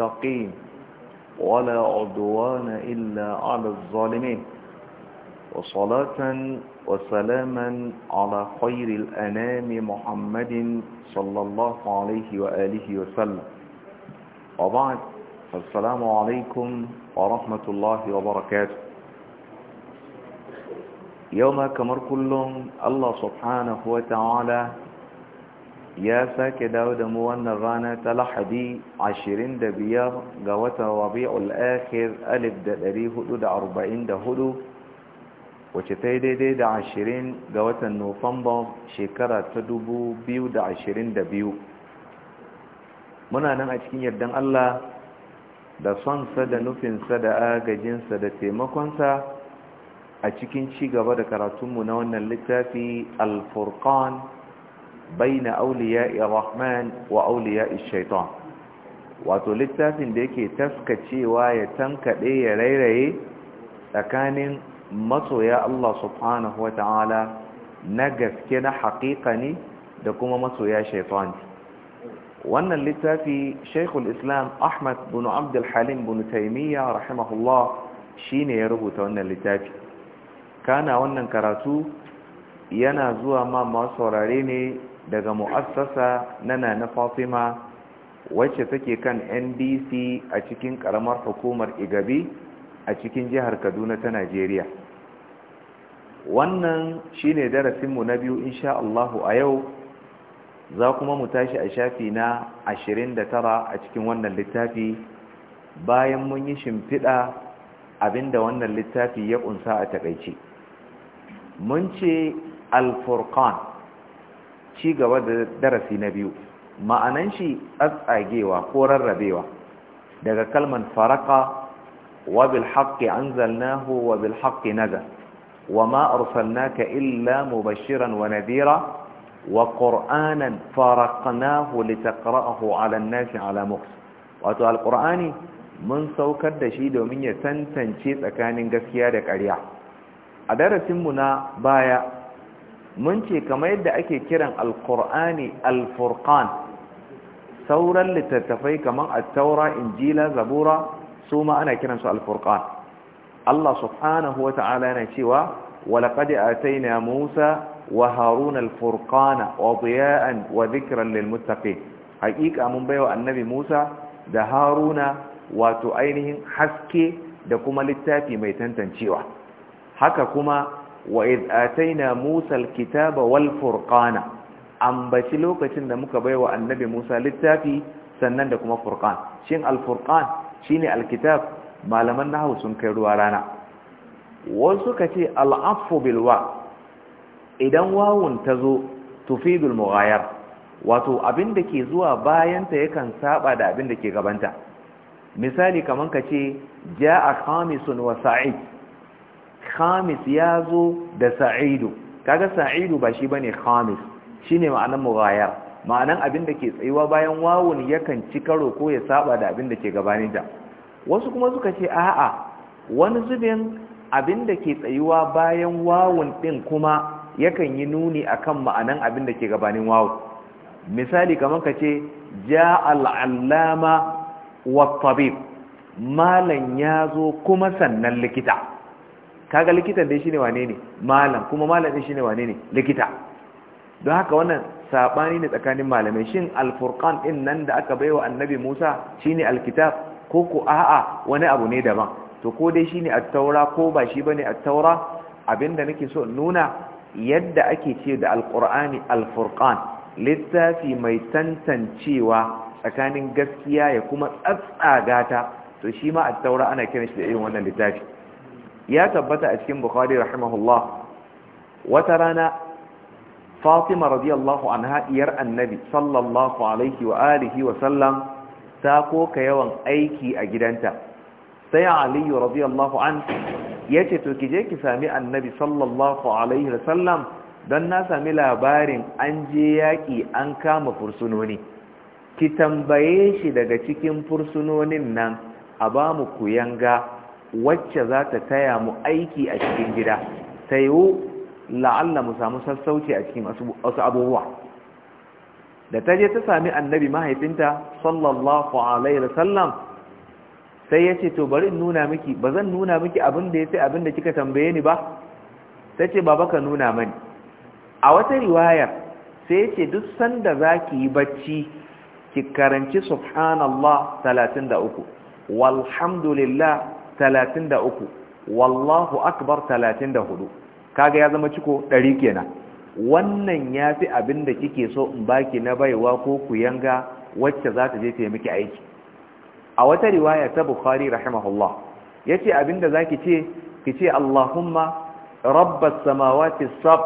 المتقين ولا عدوان إلا على الظالمين وصلاة وسلاما على خير الأنام محمد صلى الله عليه وآله وسلم وبعد فالسلام عليكم ورحمة الله وبركاته يوم كمر كلهم الله سبحانه وتعالى ya sake dawo da mu wannan rana ta lahadi 25 ga da rabi'ul akhir 1444 wacce ta yi daidai da 20 ga watan nufamba shekara ta 2022 muna nan a cikin yardan Allah da sonsa da nufinsa da agajinsa da taimakonsa a cikin ci gaba da karatunmu na wannan littafi alfurkan بين أولياء الرحمن وأولياء الشيطان wato littafin da yake taskacewa ya tankaɗe ya rairaye tsakanin masoya Allah subhanahu na gaske na haƙiƙa ne da kuma masoya shaifani wannan littafi shaikul islam ahmad bin abdulhalim bin taimiyya rahimahullah shine ya rubuta wannan littafi kana wannan karatu yana zuwa ma masu saurare ne daga mu'assasa na Nana Fatima wacce take kan NDC a cikin karamar hukumar Igabi a cikin jihar Kaduna ta Najeriya wannan shine darasinmu na biyu insha Allah a yau za kuma mu tashi a shafi na 29 a cikin wannan littafi bayan mun yi shimfiɗa abinda wannan littafi ya ƙunsa a taƙaice mun ce alfurkan ci gaba da darasi na biyu ma'anan shi tsatsagewa ko rarrabewa daga kalman faraka wa bil haqqi anzalnahu wa bil haqqi nazal wa ma arsalnaka illa mubashiran wa nadira wa qur'anan faraqnahu litaqra'ahu 'ala an-nasi 'ala muqs al-qur'ani mun saukar da shi domin ya tantance tsakanin gaskiya da ƙarya a darasin mu na baya mun ce kamar yadda ake kiran alkur'ani alfurkan. sauran littattafai kamar attaura injila zabura su ma ana su alfurkan. Allah subhanahu wa ta'ala yana cewa walaqad ataina Musa wa Harun alfurkana, wa diya'an wa dhikran lilmuttaqin haƙiƙa mun baiwa annabi Musa da Haruna wato ainihin haske da kuma littafi mai tantancewa haka kuma wa iz ataina musa alkitaba wal furqana ambaci lokacin da muka baiwa annabi musa littafi sannan da kuma furqan shin alfurqan shine alkitab malaman nahwu sun kai ruwa rana wasu kace al afu bil wa idan wawun tazo tufidul mughayar wato abin da ke zuwa bayanta yakan saba da abin da ke gabanta misali kaman kace jaa khamisun wa sa'id khamis ya zo da sa'idu kaga sa'idu ba shi bane khamis shine ma'anan mughayar ma'anan abin da ke tsayuwa bayan wawun yakan ci karo ko ya saba da abin da ke gabaninta wasu kuma suka ce a'a wani zubin abin da ke tsayuwa bayan wawun din kuma yakan yi nuni akan ma'anan abin da ke gabanin wawu misali kamar ka ce ja al'allama wa tabib malan ya zo kuma sannan likita kaga likitan dai shine wane ne malam kuma malam din shine wane ne likita don haka wannan sabani ne tsakanin malamai shin alfurqan din nan da aka baiwa annabi Musa shine alkitab ko ko a'a wani abu ne daban to ko dai shine at-taura ko ba shi bane at-taura abinda nake so nuna yadda ake ce da alqur'ani alfurqan littafi mai tantancewa tsakanin gaskiya ya kuma tsatsaga gata, to shi ma at-taura ana kiran shi da irin wannan littafi ya tabbata a cikin bukhari rahimahullah wata rana fatima radiyallahu anha iyar annabi sallallahu alaihi wa alihi wa sallam ta koka yawan aiki a gidanta sai aliyu radiyallahu an ya ce to kije ki sami annabi sallallahu alaihi wa sallam don na sami labarin an je yaƙi an kama fursunoni ki tambaye shi daga cikin fursunonin nan a ba mu kuyanga wacce za ta taya mu aiki a cikin gida ta yiwu la'alla mu samu sassauci a cikin wasu abubuwa da ta je ta sami annabi mahaifinta sallallahu alaihi wasallam sai ya ce to bari in nuna miki ba zan nuna miki abin da ya fi abin da kika tambaye ni ba ta ce baba ka nuna mani a wata riwayar sai ya ce duk sanda za ki yi bacci ki karanci subhanallah 33 walhamdulillah 33 wallahu akbar 34 kaga ya zama ciko 100 kenan wannan ya fi abin da kike so in baki na baiwa ko ku yanga wacce za ta je ta miki aiki a wata riwaya ta bukhari rahimahullah ya ce abin da ce ki ce allahumma rabbas samawati sab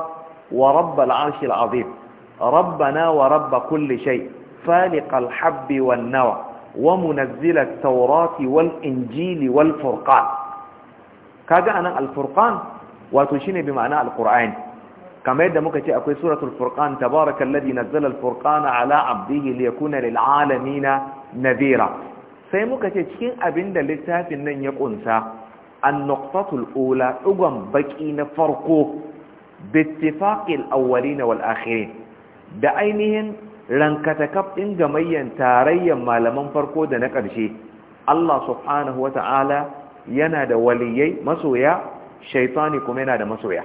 wa rabbal arshil azim rabbana wa rabba kulli shai, faliqal habbi nawa wa munazzila taurati wal injili wal furqan kaga anan al furqan wato shine bi ma'ana al qur'an yadda muka ce akwai suratul furqan tabarakallazi nazzala al furqana ala abdihi liyakuna lil alamin nadhira sai muka ce cikin abinda littafin nan ya ƙunsa. an nuqtatul ula dugan baƙi na farko bi ittifaqil awwalin wal akhirin da ainihin rankatakaf ɗin gamayyan tarayyan malaman farko da na ƙarshe Allah subhanahu wa ta'ala yana da waliyai masoya shaitani kuma yana da masoya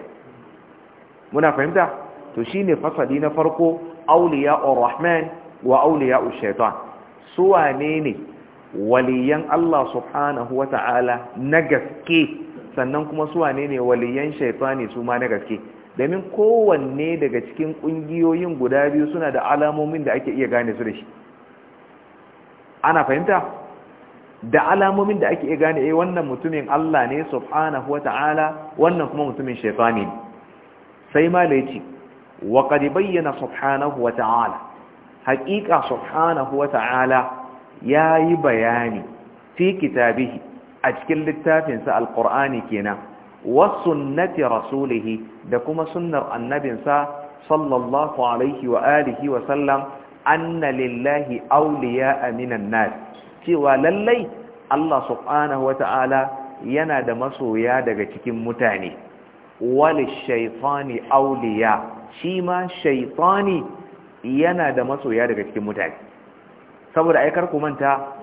muna fahimta to shine fasali na farko auliya rahman wa auliya shaitan su wane ne waliyan Allah subhanahu wa ta'ala na gaske sannan kuma su wane ne waliyan shaitani su ma na gaske domin kowanne daga cikin ƙungiyoyin guda biyu suna da alamomin da ake iya gane su da shi ana fahimta da alamomin da ake iya gane eh wannan mutumin Allah ne subhanahu wata'ala wannan kuma mutumin shaytani sai ma laici wa qad bayyana subhanahu wata'ala haqiqa subhanahu wata'ala yayi bayani fi kitabihi a cikin littafinsa alqur'ani kenan wa sunnati rasulihi da kuma sunnar annabinsa sallallahu alaihi wa alihi wa sallam anna lillahi awliya aminan nas cewa lallai Allah subhanahu wa ta'ala yana da masoya daga cikin mutane wal shaytani awliya shi ma shaytani yana da masoya daga cikin mutane saboda aikar ku manta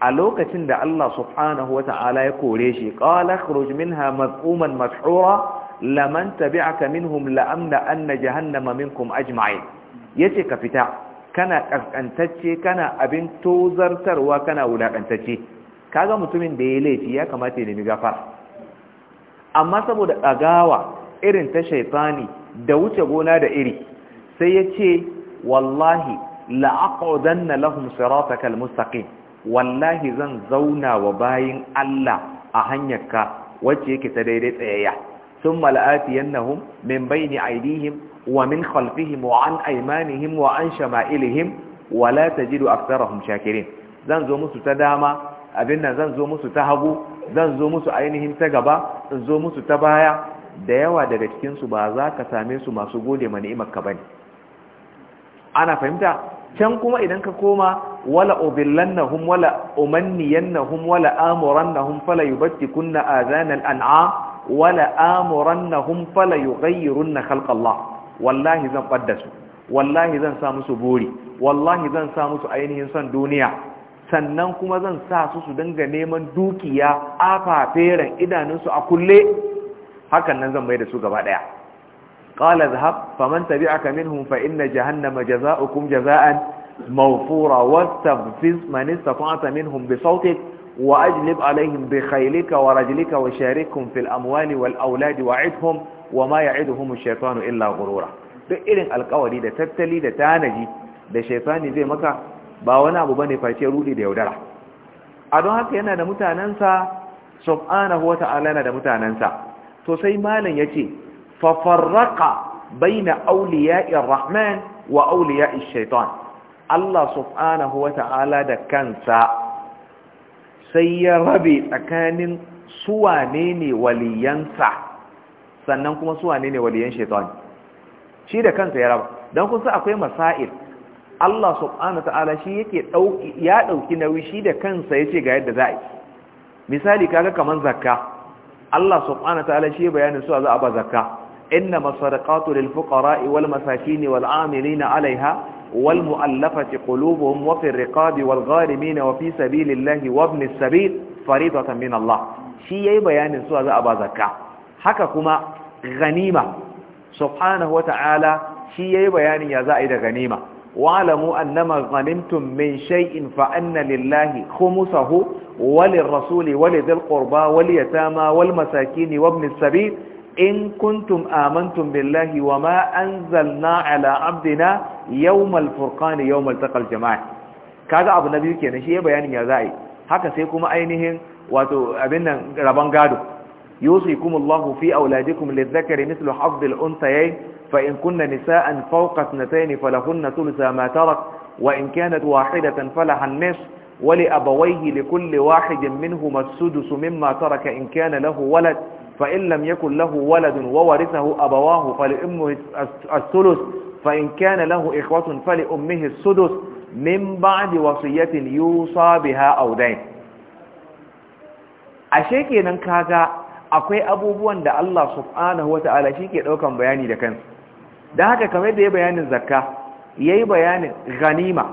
a lokacin da Allah subhanahu wa ta'ala ya kore shi qala khruj minha madhuman mashura laman tabi'aka minhum la'amna anna jahannama minkum ajma'in yace ka fita kana kaskantacce kana abin tozartarwa kana wulakantacce kaga mutumin da ya laifi ya kamata ya nemi gafara amma saboda ɗagawa irin ta shaifani da wuce gona da iri sai ya ce wallahi la'aqudanna lahum siratakal mustaqim wallahi zan zauna wa bayin Allah a hanyarka wacce yake ta daidai tsayayya sun mal'afi yannahun min bayani aidihim wa min khalfihim wa an aimanihim wa an shama'ilihim wa la tajidu aktarahum shakirin zan zo musu ta dama abin nan zan zo musu ta hagu zan zo musu ainihin ta gaba in zo musu ta baya da yawa daga cikin su ba za ka same su masu gode ma ni'imar ka bane ana fahimta can kuma idan ka koma wala ubillannahum wala umanniyannahum wala amurannahum fala yubtikunna azanal an'am wala amurannahum fala yughayyirunna khalqallah wallahi zan fadda su wallahi zan sa musu buri wallahi zan sa musu ainihin son duniya sannan kuma zan sa su su dinga neman dukiya afaferan idanunsu a kulle hakan nan zan bai da su gaba daya qala zahab faman tabi'aka minhum fa inna jahannama jazaa'ukum jazaa'an mawfura wastaghfiz man istata'ta minhum bi sawtik وأجلب عليهم بخيلك ورجلك وشاركهم في الأموال والأولاد وعدهم وما يعدهم الشيطان إلا غرورا بإذن القولي ده تتلي ده تانجي ده شيطاني زي مكا باونا أبو بني فاشيرولي ده يودرع أدو هكي أنا ده متاننسا سبحانه وتعالى أنا ده متاننسا تسي مالا يتي ففرق بين أولياء الرحمن وأولياء الشيطان الله سبحانه وتعالى ده كانسا sai ya rabe tsakanin suwane ne waliyansa sannan kuma suwane ne waliyan shaitan shi da kansa ya raba don kusa akwai masa'il Allah subhanahu ta'ala shi yake dauki ya dauki nauyi shi da kansa yace ga yadda za a yi misali kaga kaman zakka Allah subhanahu ta'ala shi bayanin su a za a ba zakka inna masadaqatu lil fuqara'i wal masakin wal 'amilina alaiha والمؤلفة قلوبهم وفي الرقاب والغارمين وفي سبيل الله وابن السبيل فريضة من الله شيء بيان سوى ذا أبا زكا حكاكما غنيمة سبحانه وتعالى شيء بيان يا زائد غنيمة وعلموا أنما غنمتم من شيء فأن لله خمسه وللرسول ولذي القربى واليتامى والمساكين وابن السبيل إن كنتم آمنتم بالله وما أنزلنا على عبدنا يوم الفرقان يوم التقى الجماعة كذا أبو النبي كي نشيه بيان يا ذائي سيكم أينهن واتو أبنا ربان قادو يوصيكم الله في أولادكم للذكر مثل حفظ الأنثيين فإن كنا نساء فوق اثنتين فلهن ثلث ما ترك وإن كانت واحدة فلها النصف ولأبويه لكل واحد منهما السدس مما ترك إن كان له ولد فإن لم يكن له ولد وورثه أبواه فلأمه الثلث فإن كان له إخوة فلأمه السدس من بعد وصية يوصى بها أو دين ashe kenan kaga akwai abubuwan da Allah subhanahu wata'ala shi ke ɗaukan bayani da kansu da haka kamar da ya bayanin zakka ya yi bayanin ganima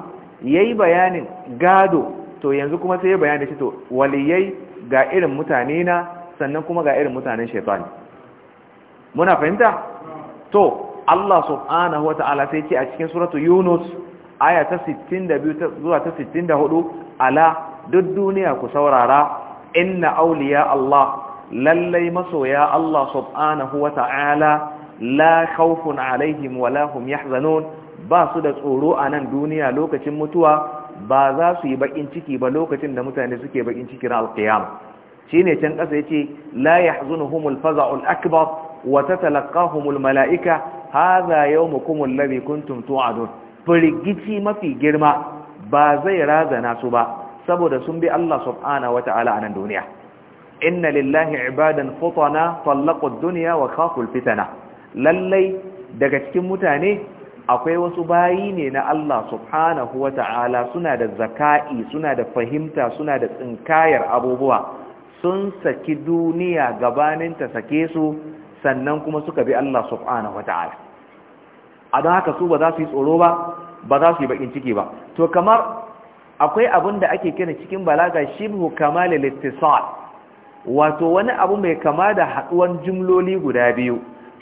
ya yi bayanin gado to yanzu kuma sai ya bayani shi to waliyai ga irin mutane na sannan kuma ga irin mutanen ne. muna fahimta to Allah subhanahu wa ta'ala sai ce a cikin suratu yunus aya ta 62 zuwa ta 64 ala duk duniya ku saurara inna auliya Allah lallai masoya Allah subhanahu wa ta'ala la khawfun alaihim wa lahum yahzanun ba su da tsoro a nan duniya lokacin mutuwa ba za su yi bakin ciki ba lokacin da mutane suke bakin ciki ran alkiyama shine can ƙasa yace la yahzunuhumul faza'ul akbar wa tatalaqahumul mala'ika hadha yawmukum alladhi kuntum tu'adun firgici mafi girma ba zai razana su ba saboda sun bi Allah subhanahu wata'ala a nan duniya inna lillahi ibadan futana tallaqu duniya dunya wa khafu fitana lallai daga cikin mutane akwai wasu bayi ne na Allah subhanahu wata'ala suna da zaka'i suna da fahimta suna da tsinkayar abubuwa sun saki duniya gabanin ta sake su sannan kuma suka bi Allah subhanahu ta'ala. a don haka su ba za su yi tsoro ba ba za su yi bakin ciki ba to kamar akwai abin da ake kira cikin balaga shibhu kamal al wato wani abu mai kama da haduwan jimloli guda biyu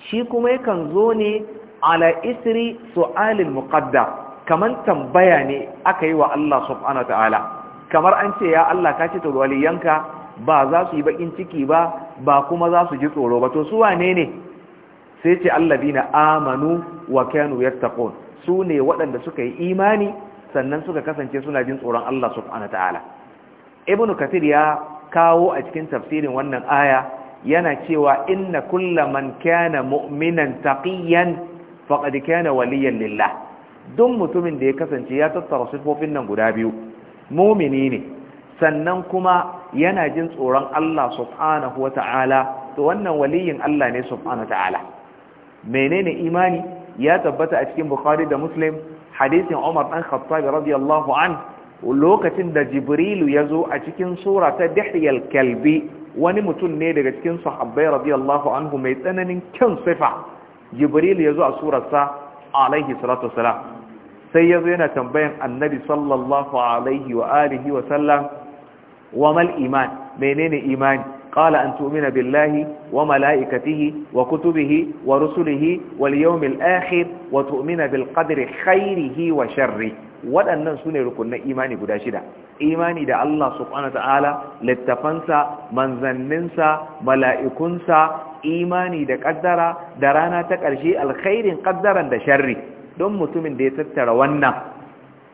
shi kuma yakan zo ne ala isri su'alil muqaddar kaman tambaya ne aka yi wa Allah subhanahu ta'ala. kamar an ce ya Allah ka ce to waliyanka ba za su yi bakin ciki ba ba kuma za su ji tsoro ba to su wane ne sai ce allazina amanu wa kanu yattaqun su ne waɗanda suka yi imani sannan suka kasance suna jin tsoron Allah subhanahu ta'ala ibnu kathir ya kawo a cikin tafsirin wannan aya yana cewa inna kullaman kana mu'minan taqiyan faqad kana waliyan lillah duk mutumin da ya kasance ya tattara sifofin nan guda biyu mumini ne sannan kuma yana jin tsoron Allah subhanahu wa ta'ala to wannan waliyin Allah ne subhanahu wa ta'ala menene imani ya tabbata a cikin bukhari da muslim hadisin umar dan khattabi radiyallahu an lokacin da jibrilu ya zo a cikin sura ta dihyal kalbi wani mutum ne daga cikin sahabbai radiyallahu anhu mai tsananin kyan sifa jibrilu ya zo a surarsa alaihi salatu wasalam sai ya zo yana tambayan annabi sallallahu alaihi wa alihi wa sallam Wamal iman menene imani Ƙala an tu'umina billahi wa malaikatihi wa kutubihi wa rusulihi wal yawmil akhir wa tu'mina bil qadri khairihi wa sharri waɗannan sune rukunin imani guda shida imani da Allah subhanahu ta'ala littafansa manzanninsa mala'ikunsa imani da kaddara da rana ta ƙarshe alkhairin kaddaran da sharri don mutumin da ya tattara wannan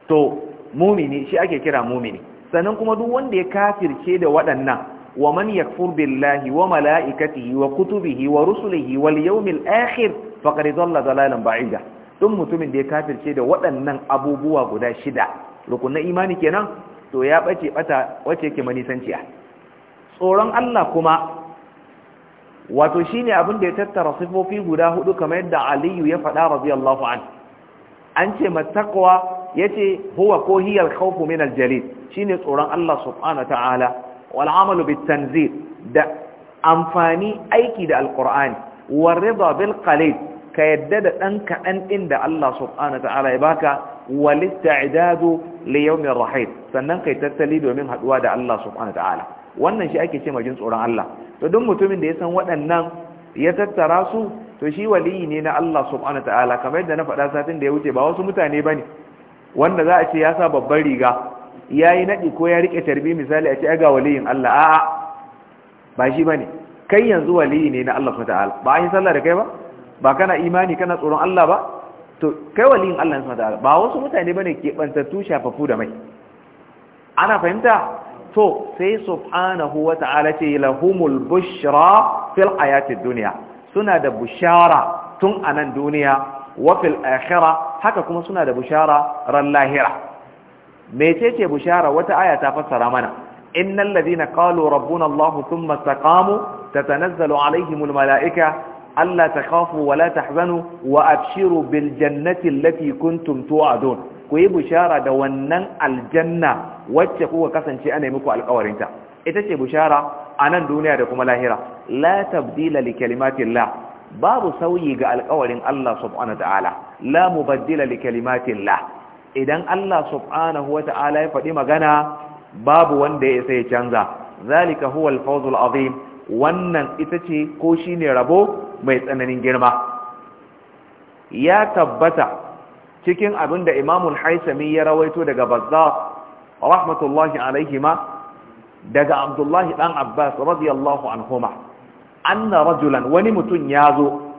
to mumini shi ake kira mumini sannan kuma duk wanda ya kafirce da waɗannan wa man yakfur billahi wa mala'ikatihi wa kutubihi wa rusulihi wal yawmil akhir faqad dhalla dhalalan ba'ida duk mutumin da ya kafirce da waɗannan abubuwa guda shida rukunin imani kenan to ya bace bata wace yake manisanciya tsoron Allah kuma wato shine abin da ya tattara sifofi guda hudu kamar yadda Aliyu ya faɗa radiyallahu anhu an ce mattaqwa yace huwa ko hiya al-khawf min al shine tsoron Allah subhanahu ta'ala wal amalu bit da amfani aiki da al-qur'ani war rida bil qalil ka yadda da dan kadan din da Allah subhanahu ta'ala ya baka wal ista'dadu li yawm ar-rahil sannan kai tattali domin haduwa da Allah subhanahu ta'ala wannan shi ake cewa jin tsoron Allah to duk mutumin da ya san waɗannan ya tattara su to shi waliyi ne na Allah subhanahu ta'ala kamar yadda na faɗa satin da ya wuce ba wasu mutane bane wanda za a ce ya sa babban riga ya yi naɗi ko ya riƙe tarbi misali a ce ya ga waliyin Allah a'a ba shi ba ne kai yanzu waliyi ne na Allah ba a yi sallah da kai ba ba kana imani kana tsoron Allah ba to kai waliyin Allah ba wasu mutane ba ne keɓantattu shafafu da mai ana fahimta to sai subhanahu wa ta'ala ce lahumul bushra fil duniya, dunya suna da bushara tun anan duniya wa fil haka kuma suna da bushara ran lahira mecece bushara wata aya ta fassara mana innal ladina qalu rabbuna allah thumma istaqamu tatanazzalu alaihimul malaika alla takhafu wa la tahzanu wa abshiru bil jannati allati kuntum tu'adun ku yi bushara da wannan aljanna wacce kuka kasance ana muku alƙawarinta ita ce bushara a nan duniya da kuma lahira la tabdila li kalimatillah babu sauyi ga alkawarin Allah subhanahu ta'ala la mubaddila li kalimatillah idan Allah subhanahu ta'ala ya faɗi magana babu wanda ya sai canza zalika huwa al-fawzul azim wannan ita ce ko shine rabo mai tsananin girma ya tabbata cikin abin da Imam al-Haisami ya rawaito daga Bazzar rahmatullahi alaihima daga Abdullah dan Abbas radiyallahu anhuma anna rajulan wani mutum ya zo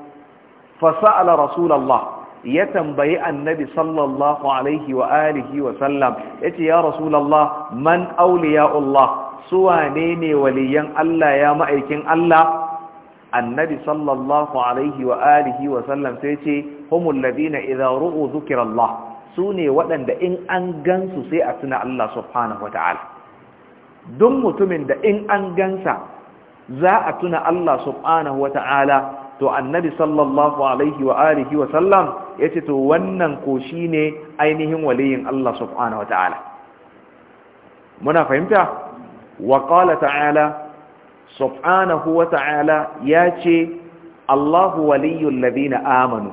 fasa'ala rasulallah ya tambayi annabi sallallahu alaihi wa alihi wa sallam yace ya rasulallah man awliyaullah suwa ne waliyan Allah ya ma'aikin Allah annabi sallallahu alaihi wa alihi wa sallam sai ce humul ladina idza ru'u dhikrallah sune waɗanda in an gansu sai a tuna Allah subhanahu ta'ala. duk mutumin da in an gansa za a tuna Allah subhanahu wa ta'ala to annabi sallallahu alaihi wa alihi wa sallam ya ce to wannan ko shi ne ainihin waliyin Allah subhanahu wa ta'ala muna fahimta wa ta'ala subhanahu wa ta'ala ya ce Allahu waliyul ladina amanu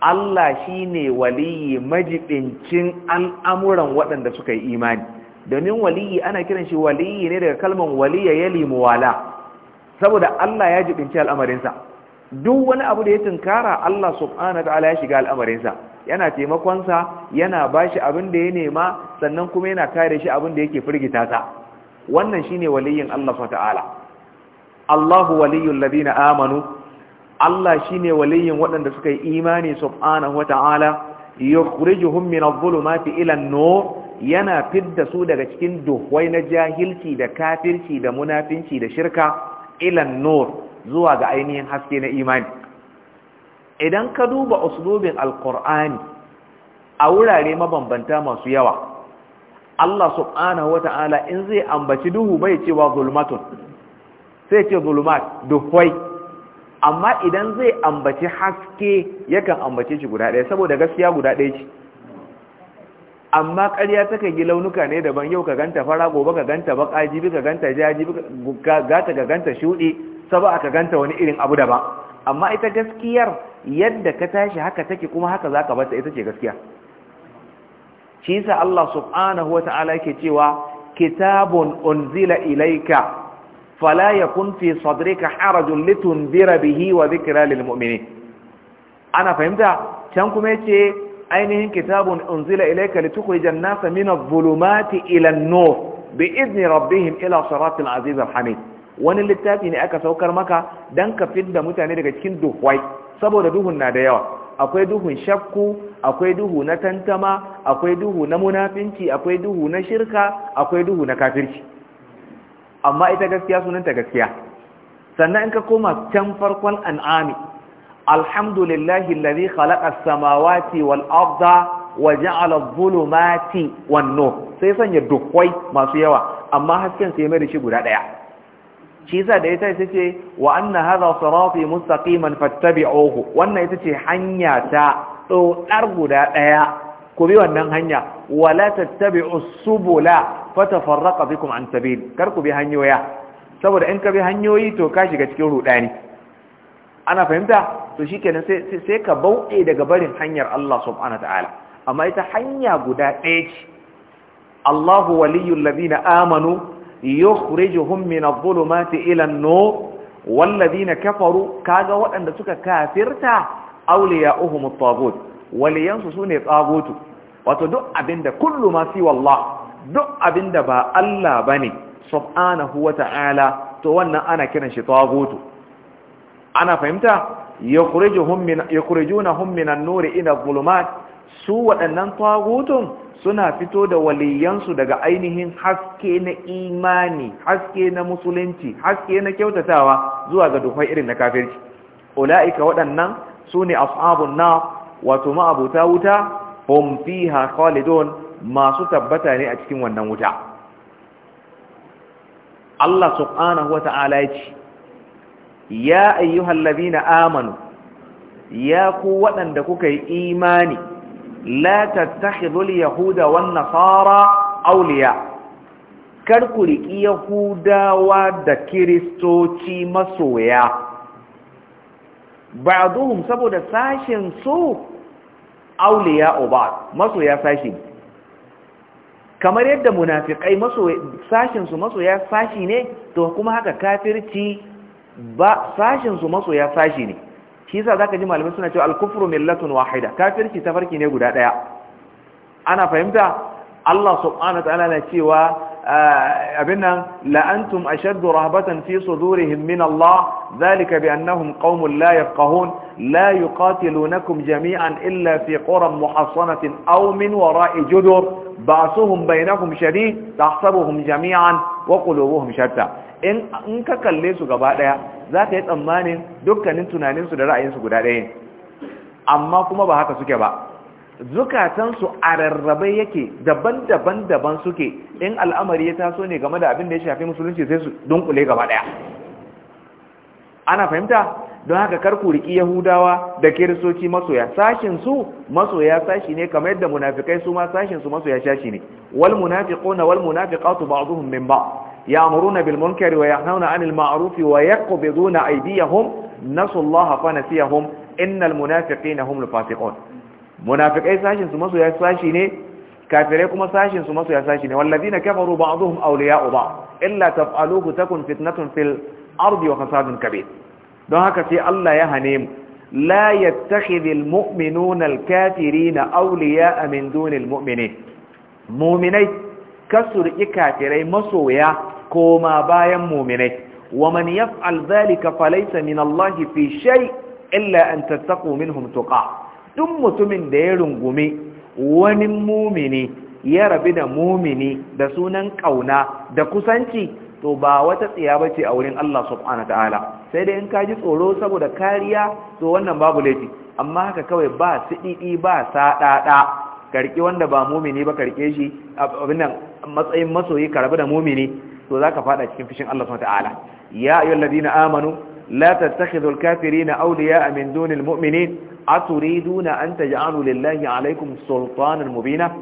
Allah shi ne waliyi majibincin al'amuran waɗanda suka yi imani domin waliyi ana kiran shi waliyi ne daga kalman waliya ya wala. saboda Allah ya jibinci al'amarinsa duk wani abu da ya tunkara Allah subhanahu ta'ala ya shiga al'amarinsa yana taimakonsa yana ba abin da ya nema sannan kuma yana kare shi abin da yake firgita sa wannan ne waliyin Allah ta'ala Allahu waliyul ladina amanu Allah shine waliyin waɗanda suka yi imani subhanahu ta'ala yukhrijuhum min adh-dhulumati ila an-nur yana fidda su daga cikin duhwai na jahilci da kafirci da munafinci da shirka ilan nur zuwa ga ainihin haske na imani idan ka duba uslubin Alƙur'ani a wurare mabambanta masu yawa Allah subhanahu wata'ala in zai ambaci duhu bai cewa zulmatun sai ce zulmat duhwai amma idan zai ambaci haske yakan ambace shi guda ɗaya saboda gaskiya guda ɗaya ce amma ƙarya kan yi launuka ne daban yau ka ganta fara gobe ka ganta baka jibi ka ganta ja jibi ka gata ka ganta shuɗi saba ka ganta wani irin abu daba. amma ita gaskiyar yadda ka tashi haka take kuma haka zaka ta ita ce gaskiya shi sa Allah subhanahu wata'ala yake cewa kitabun unzila ilayka fala yakun fi sadrika harajun litunzira bihi wa dhikra lil mu'minin ana fahimta can kuma yace ainihin kitabun unzila ilayka litukhrijan nasa min adh-dhulumati ila an-nur bi'izni rabbihim ila siratil aziz hamid wani littafi ne aka saukar maka dan ka fidda mutane daga cikin duhwai saboda duhun na da yawa akwai duhun shakku akwai duhu na tantama akwai duhu na munafinci akwai duhu na shirka akwai duhu na kafirci amma ita gaskiya sunanta gaskiya sannan in ka koma can farkon an'ami alhamdulillahi alladhi khalaqa as-samawati wal arda wa ja'ala sai sanya dukwai masu yawa amma hasken sai mai da shi guda daya shi yasa da ita ita ce wa anna hadha sirati mustaqiman fattabi'uhu wannan ita ce hanya ta tsodar guda daya ku bi wannan hanya wala tattabi'u subula fatafarraqa bikum an sabil kar ku bi hanyoya saboda in ka bi hanyoyi to ka shiga cikin rudani ana fahimta to shikenan sai sai ka bauɗe daga barin hanyar Allah subhanahu ta'ala amma ita hanya guda ɗaya ce Allahu waliyul ladina amanu yukhrijuhum min adh-dhulumati ila an-nur والذين كفروا كاغا waɗanda suka kafirta awliya'uhum at-taghut waliyansu sune tsagutu wato duk abinda kullu ma fi wallah duk abinda ba Allah bane subhanahu ta'ala to wannan ana kiran shi tsagutu ana fahimta yukhrijunahum min an-nuri ila dhulumat su waɗannan tawagutun suna fito da waliyansu daga ainihin haske na imani haske na musulunci haske na kyautatawa zuwa ga duhai irin na kafirci ula'ika waɗannan su ne ashabun na wato ma'abuta wuta hum fiha khalidun masu tabbata ne a cikin wannan wuta Allah subhanahu wata'ala ya ce ya ayyuhal ladina amanu ya ku waɗanda kuka yi imani la tattakhidul yahuda wan nasara awliya kar ku riki yahudawa da kiristoci masoya ba'duhum saboda sashin su awliya uba masoya sashi kamar yadda munafikai masoya sashin su masoya sashi ne to kuma haka kafirci ba sashin su masoya sashi ne shi yasa zaka ji malamai suna cewa al-kufru millatun wahida kafirci tafarki ne guda daya ana fahimta Allah subhanahu ta'ala na cewa abin nan la antum ashaddu rahbatan fi sudurihim min Allah zalika bi annahum qaumun la yafqahun la yuqatilunakum jami'an illa fi quran muhassanatin aw min wara'i judur ba'suhum bainahum shadid tahsabuhum jami'an wa qulubuhum shatta in ka kalle su gaba daya za ka yi tsammanin dukkanin tunaninsu da ra'ayinsu guda ɗaya amma kuma ba haka suke ba zukatansu a rarrabe yake daban-daban daban suke in al'amari ya taso ne game da abin da ya shafi musulunci sai su dunkule gaba daya ana fahimta don haka karku riki yahudawa da kirisoci masoya sashin su masoya sashi ne kamar yadda munafikai su ma sashin su masoya sashi ne wal munafiquna wal munafiqatu ba'dhum min ba'd يأمرون بالمنكر ويحنون عن المعروف ويقبضون أيديهم نسوا الله فنسيهم إن المنافقين هم الفاسقون منافقين ساشن سمسو يا ساشن كافريكم ساشن سمسو يا ساشن والذين كفروا بعضهم أولياء بعض إلا تفعلوه تكن فتنة في الأرض وفساد كبير don في الله يا هنيم لا يتخذ المؤمنون الكافرين أولياء من دون المؤمنين مؤمنين كسر mu'minin mu'minai koma bayan muminai wa man yaf'al dhalika falaysa min Allah fi shay illa an tattaqu minhum tuqa duk mutumin da ya rungume wani mumini ya rabi da mumini da sunan kauna da kusanci to ba wata tsiya bace a wurin Allah subhanahu ta'ala sai dai in ka ji tsoro saboda kariya to wannan babu laifi amma haka kawai ba sididi ba sadada karki wanda ba mumini ba karke shi abin nan matsayin masoyi rabu da mumini to zaka fada cikin fishin Allah subhanahu wataala ya ayyuhal ladina amanu la tattakhidhul kafirina awliya'a min dunil mu'minin aturiduna an taj'alu lillahi alaykum sultanan mubina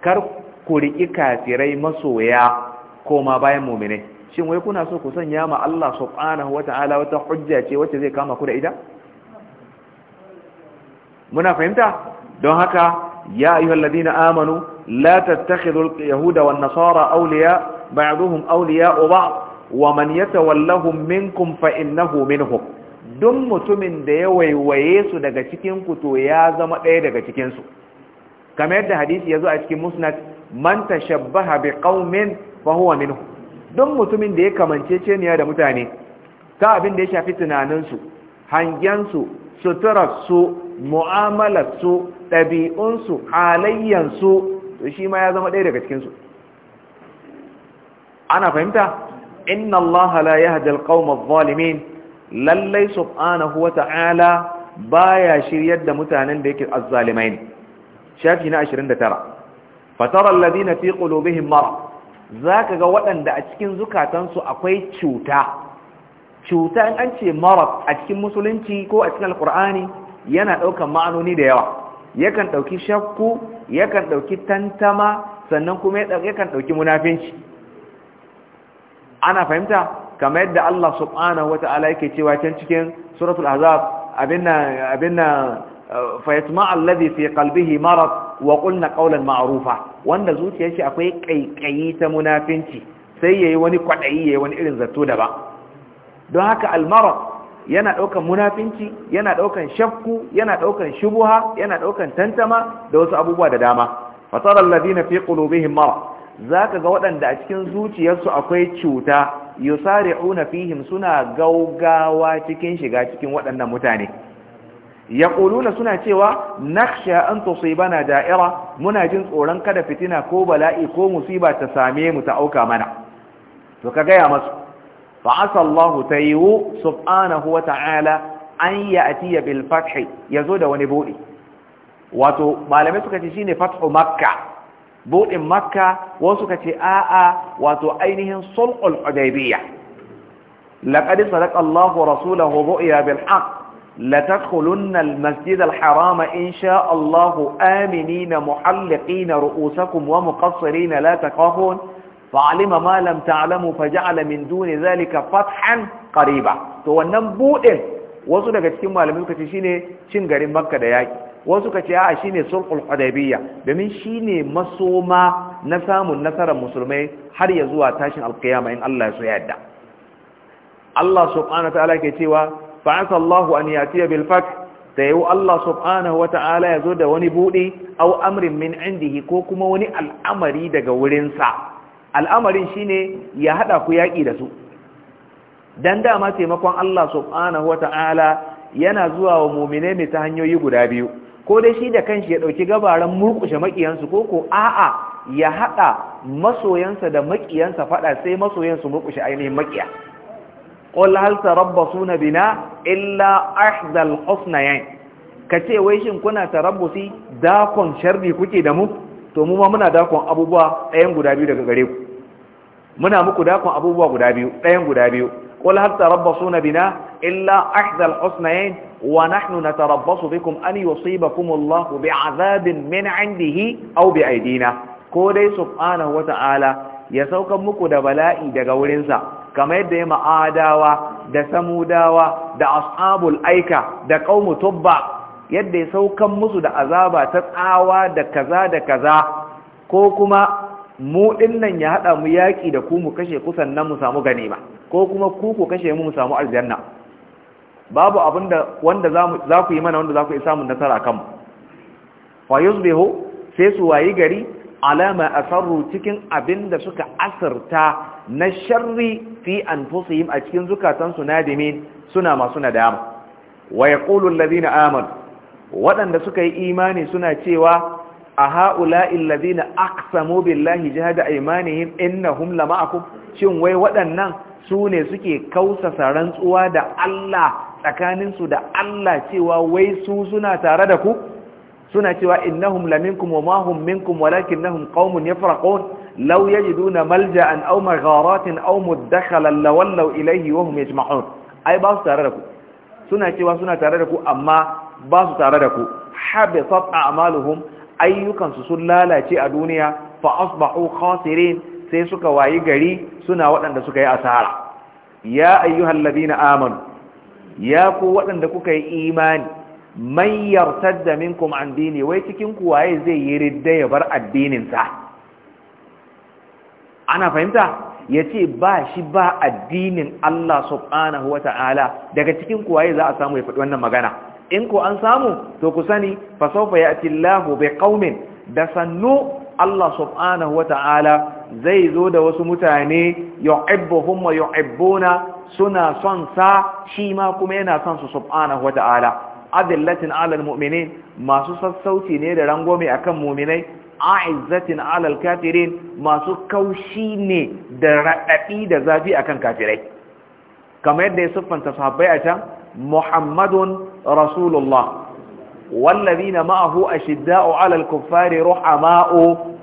kar ku riki kafirai masoya koma bayan mu'mine shin wai kuna so ku sanya ma Allah subhanahu wataala wata hujja ce wacce zai kama ku da ita muna fahimta don haka ya ayyuhal ladina amanu لا تتخذوا اليهود والنصارى اولياء بعضهم اولياء بعض ومن يتولهم منكم فانه منهم duk mutumin da ya waiwaye daga cikin kuto ya zama ɗaya daga cikinsu kamar yadda hadisi ya zo a cikin musnad man ta shabbaha bi qaumin fa duk mutumin da ya kamance ce da mutane ta abin da ya shafi tunaninsu, su suturarsu, mu'amalarsu, ɗabi'unsu, halayyansu. to shi ma ya zama ɗaya daga cikinsu ana fahimta inna allaha la yahdi alqawma adh lallai subhanahu wa ta'ala baya shiryar da mutanen da yake azzalimai shafi na 29 fatara alladhina fi qulubihim marad zaka ga waɗanda a cikin zukatansu akwai cuta cuta in an ce marad a cikin musulunci ko a cikin alqur'ani yana ɗaukan ma'anoni da yawa yakan ɗauki shakku yakan ɗauki tantama sannan kuma yakan ɗauki munafinci ana fahimta kamar yadda Allah subhanahu wata'ala yake cewa can cikin suratul azab abinna abinna fa yatma alladhi fi qalbihi marad wa qulna qawlan ma'rufa wanda zuciyar shi akwai kaikayi ta munafinci sai yayi wani kwadayi yayi wani irin zato da ba don haka al-marad yana ɗaukan munafinci yana ɗaukan shakku yana ɗaukan shubuha yana ɗaukan tantama da wasu abubuwa da dama fasarar ladina fi qulubihim mara zaka ga waɗanda a cikin zuciyarsu akwai cuta yusari'una fihim suna gaugawa cikin shiga cikin waɗannan mutane yaquluna suna cewa nakhsha an tusibana da'ira muna jin tsoron kada fitina ko bala'i ko musiba ta same mu ta auka mana to ka gaya masu فعسى الله تيو سبحانه وتعالى أن يأتي بالفتح يزود ونبوئي واتو ما لم يسكتشين فتح مكة بوئي مكة وسكتي آآ واتو أينهن صلق الحديبية لقد صدق الله رسوله رؤيا بالحق لتدخلن المسجد الحرام إن شاء الله آمنين محلقين رؤوسكم ومقصرين لا تقافون fa'alima ma lam ta'lamu faj'ala min duni zalika fathan qariba to wannan buɗe. wasu daga cikin malamai suka ce shine cin garin makka da yaki wasu suka ce a'a shine sulhul hudaybiyya domin shine masoma na samun nasarar musulmai har ya zuwa tashin alqiyama in Allah ya so yadda Allah subhanahu ta'ala ke cewa fa'asa Allahu an yatiya bil fath da yau Allah subhanahu wa ta'ala ya zo da wani buɗe au amrin min indihi ko kuma wani al'amari daga wurinsa al'amarin shine ya haɗa ku yaƙi da su dan dama taimakon Allah subhanahu Ta'ala yana zuwa wa mu'mine ne ta hanyoyi guda biyu ko dai shi da kanshi ya ɗauki gabaran murkushe makiyansu ko ko a'a ya haɗa masoyansa da maƙiyansa faɗa sai masoyansu murkushe ainihin makiya qul hal tarabbasuna bina illa ahdal husnayn kace wai shin kuna tarabbusi dakon sharri kuke da mu to mu ma muna dakon abubuwa ɗayan guda biyu daga gare ku muna muku dakon abubuwa guda biyu ɗayan guda biyu qul hal tarabbasuna bina illa ahda al-husnayn wa nahnu natarabbasu bikum an yusibakum Allahu bi'adabin min 'indihi aw bi'aydina ko dai subhanahu wa ta'ala ya saukan muku da bala'i daga wurinsa kamar yadda ya ma'adawa da samudawa da ashabul aika da qaumu tubba yadda ya saukan musu da azaba ta tsawa da kaza da kaza ko kuma mu dinnan ya haɗa mu yaki da ku mu kashe kusan nan mu samu ba ko kuma ku ku kashe mu mu samu aljanna babu abinda wanda za ku yi mana wanda za ku yi samun nasara kan mu fa yusbihu sai su wayi gari alama asarru cikin abin da suka asirta na sharri fi anfusihim a cikin zukatansu nadimin suna masu nadama wa yaqulu alladhina amanu waɗanda suka yi imani suna cewa a ha'ula'il ladina aqsamu billahi jihada aymanihim innahum lama'akum shin wai waɗannan su ne suke kausasa rantsuwa da Allah tsakaninsu da Allah cewa wai su suna tare da ku suna cewa innahum laminkum wa ma hum minkum walakinnahum qaumun yafraqun law yajiduna malja'an aw magharatin aw mudakhalan lawallaw ilaihi wa hum yajma'un ai ba su tare da ku suna cewa suna tare da ku amma ba su tare da ku habitat a'maluhum ayyukansu sun lalace a duniya fa asbahu khasirin sai suka wayi gari suna waɗanda suka yi asara ya ayyuhal ladina amanu ya ku waɗanda kuka yi imani man yartadda minkum an dini wai cikin ku waye zai yi ridda ya bar addinin sa ana fahimta ya ce ba shi ba addinin Allah subhanahu wa ta'ala daga cikin kuwaye za a samu ya faɗi wannan magana in ku an samu to ku sani fa sawfa ya'ti Allahu bi qaumin da sannu Allah subhanahu wata'ala zai zo da wasu mutane yu'ibbuhum wa yu'ibbuna suna son sa shi ma kuma yana son su subhanahu wata'ala adillatin 'alal muminai masu sassauci ne da rangwame akan mu'minai a'izzatin 'alal kafirin masu kaushi ne da radadi da zafi akan kafirai kamar yadda ya siffanta sahabbai a can محمد رسول الله والذين معه أشداء على الكفار رحماء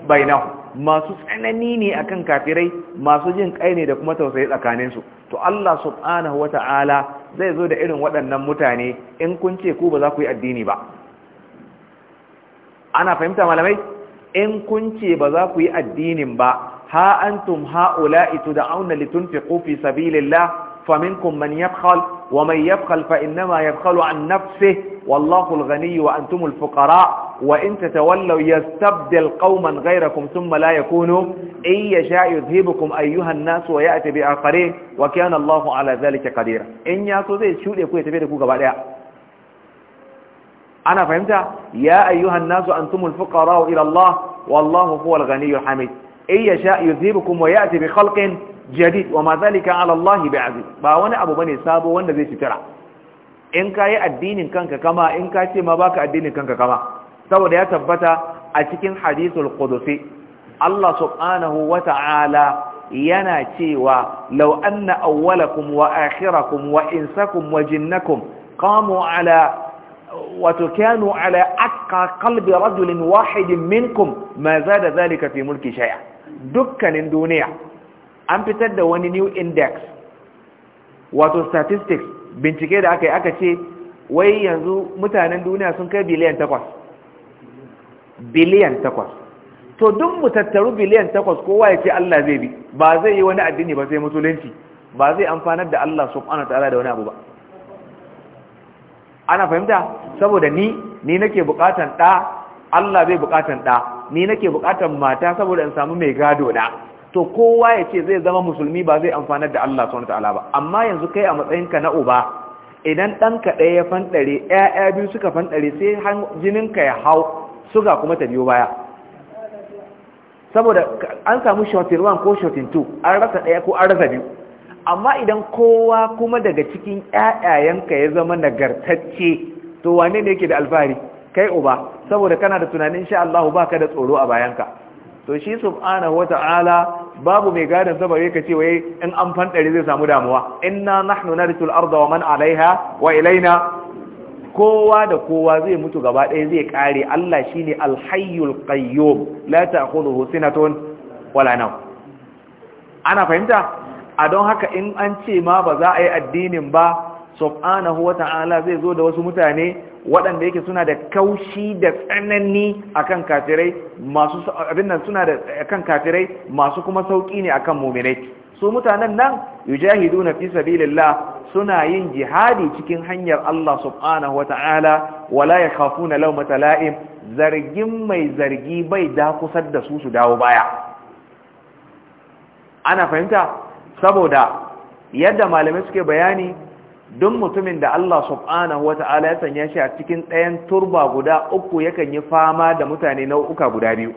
بينهم masu tsanani ne akan kafirai masu jin kai ne da kuma tausayi tsakanin su to Allah subhanahu wata'ala zai zo da irin waɗannan mutane in kun ce ku ba za ku yi addini ba ana fahimta malamai in kun ce ba za ku yi addinin ba ha antum haula'i tud'auna litunfiqu fi sabilillah فمنكم من يبخل ومن يبخل فإنما يبخل عن نفسه والله الغني وأنتم الفقراء وإن تتولوا يستبدل قوما غيركم ثم لا يكونوا إن يشاء يذهبكم أيها الناس ويأتي بآخرين وكان الله على ذلك قديرا إن يأتي ذي شو يكون يتبيركوا بعدها أنا فهمتها يا أيها الناس أنتم الفقراء إلى الله والله هو الغني الحميد إن يشاء يذهبكم ويأتي بخلق jadid wa ma zalika ala Allah bi'aziz ba wani abu bane sabo wanda zai fitara in ka yi addinin kanka kama in ka ce ma baka addinin kanka kama saboda ya tabbata a cikin hadisul qudusi Allah subhanahu wa ta'ala yana cewa law anna awwalakum wa akhirakum wa insakum wa jinnakum qamu ala وتكانوا على أتقى قلب رجل واحد منكم ما زاد ذلك في ملك شيئا دكا دونيا an fitar da wani new index wato statistics bincike da aka yi aka ce wai yanzu mutanen duniya sun kai biliyan takwas biliyan takwas to duk mu tattaru biliyan takwas kowa ya ce Allah zai bi ba zai yi wani addini ba sai musulunci ba zai amfanar da Allah subhanahu ta'ala da wani abu ba ana fahimta saboda ni ni nake bukatan da Allah bai bukatan da ni nake bukatan mata saboda in samu mai gado na to kowa ya ce zai zama musulmi ba zai amfanar da Allah subhanahu wataala ba amma yanzu kai a matsayinka na uba idan ɗanka ɗaya ya fanɗare ƴaƴa biyu suka fanɗare sai jininka ya hau suga kuma ta biyo baya saboda an samu shotin 1 ko shotin 2 an rasa ɗaya ko an rasa biyu amma idan kowa kuma daga cikin ƴaƴayenka ya zama nagartacce to wane ne yake da alfahari kai uba saboda kana da tunanin insha Allah baka da tsoro a bayanka to shi subhanahu wata'ala babu mai gadon saba bare ka ce wai in an fandare zai samu damuwa inna nahnu narisul arda wa man alaiha wa ilaina kowa da kowa zai mutu gaba ɗaya zai ƙare Allah shine alhayyul qayyum la ta'khudhuhu sinatun wala nawm ana fahimta a don haka in an ce ma ba za a yi addinin ba subhanahu wa ta'ala zai zo da wasu mutane waɗanda yake suna da kaushi da tsanani akan kafirai masu abin nan suna da akan kafirai masu kuma sauki ne akan mu'minai su mutanen nan yujahiduna fi sabilillah suna yin jihadi cikin hanyar Allah subhanahu wata'ala wala yakhafuna lawmata la'im zargin mai zargi bai da dakusar da su su dawo baya ana fahimta saboda yadda malamai suke bayani duk mutumin da Allah subhanahu wata'ala ya sanya shi a cikin ɗayan turba guda uku yakan yi fama da mutane nau'uka guda biyu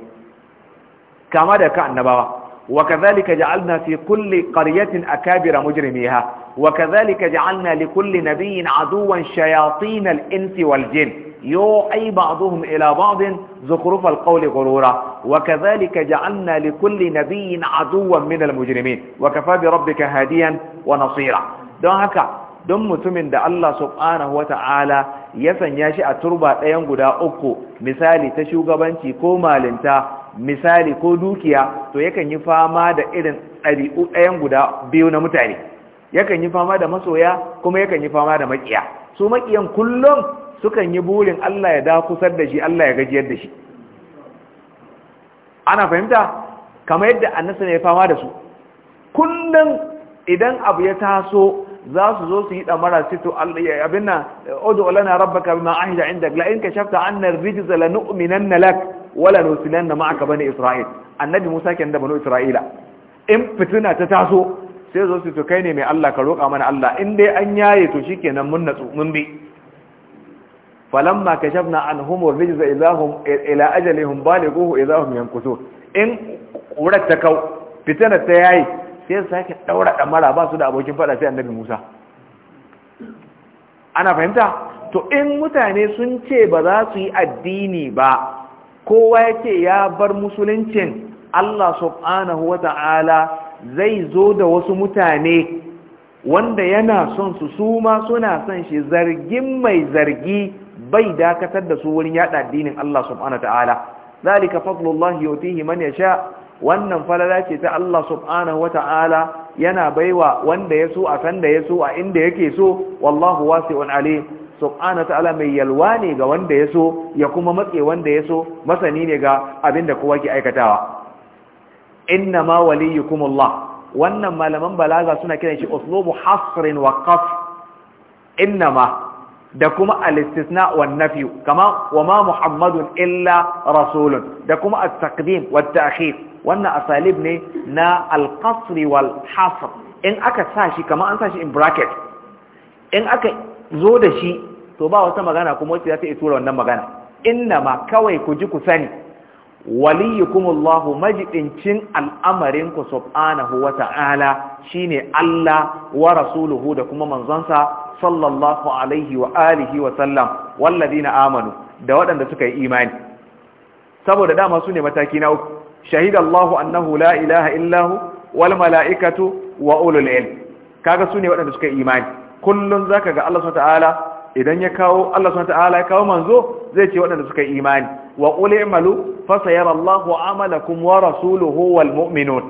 kama da ka annabawa wa kazalika ja'alna fi kulli qaryatin akabira mujrimiha wa kazalika ja'alna li kulli nabiyyin aduwan shayatin al-insi wal jin yu'i ba'dhum ila ba'd zukhruf al-qawli ghurura wa kazalika ja'alna li kulli nabiyyin aduwan min al-mujrimin wa kafa bi rabbika hadiyan wa nasira don haka don mutumin da Allah subhanahu wa ta'ala ya sanya shi a turba ɗayan guda uku misali ta shugabanci ko malinta misali ko dukiya to yakan yi fama da irin ɗari'u ɗayan guda biyu na mutane yakan yi fama da masoya kuma yakan yi fama da makiya su makiyan kullum sukan yi burin Allah ya da kusar da shi Allah ya gajiyar da shi ana fahimta kamar yadda annasa ne ya fama da su kullum idan abu ya taso za su zo su yi damara su to abin nan odu lana rabbaka bima ahida indak la in kashafta anna ar-rijza lanu'minanna lak wala nusilanna ma'aka bani isra'il annabi musa kenan da bani isra'ila in fitina ta taso sai zo su to kai ne mai Allah ka roƙa mana Allah in dai an yaye to shikenan mun natsu mun bi falamma kashafna anhum ar-rijza ilahum ila ajalihim balighuhu idahum yankutun in urat ta kau fitina ta yayi sai su sake daura mara ba su da abokin fada sai annabi Musa ana fahimta to in mutane sun ce ba za su yi addini ba kowa yake ya bar musuluncin Allah subhanahu wa zai zo da wasu mutane wanda yana son su su ma suna son shi zargin mai zargi bai dakatar da su wurin yada addinin Allah subhanahu wata'ala ta'ala zalika fadlullahi yutihi man yasha wannan falala ce ta Allah subhanahu wata'ala yana baiwa wanda ya so a sanda da ya so a inda yake so wallahu wasi'un alim subhanahu ta'ala mai yalwa ne ga wanda ya so ya kuma matse wanda ya so masani ne ga abin da kowa ke aikatawa inna ma waliyukumullah wannan malaman balaga suna kiran shi uslubu hasrin wa qaf inna ma da kuma al-istisna wan nafi kama wa ma muhammadun illa rasulun da kuma at-taqdim wat-ta'khir wannan asalib ne na alƙasri wal hasar in aka sa shi kama an sa shi in bracket in aka zo da shi to ba wata magana kuma wacce za ta tura wannan magana inna ma kawai ku ji ku sani waliyukumullahu majidincin al'amarin ku subhanahu wa ta'ala shine Allah wa rasuluhu da kuma manzonsa sallallahu alaihi wa alihi wa sallam na amanu da waɗanda suka yi imani saboda dama su ne mataki na uku shahida Allahu annahu la ilaha illahu wal mala'ikatu wa ulul ilm kaga sune waɗanda suka imani kullun zaka ga Allah subhanahu idan ya kawo Allah subhanahu ya kawo manzo zai ce waɗanda suka imani wa qul i'malu fa sayara Allahu 'amalakum wa rasuluhu wal mu'minun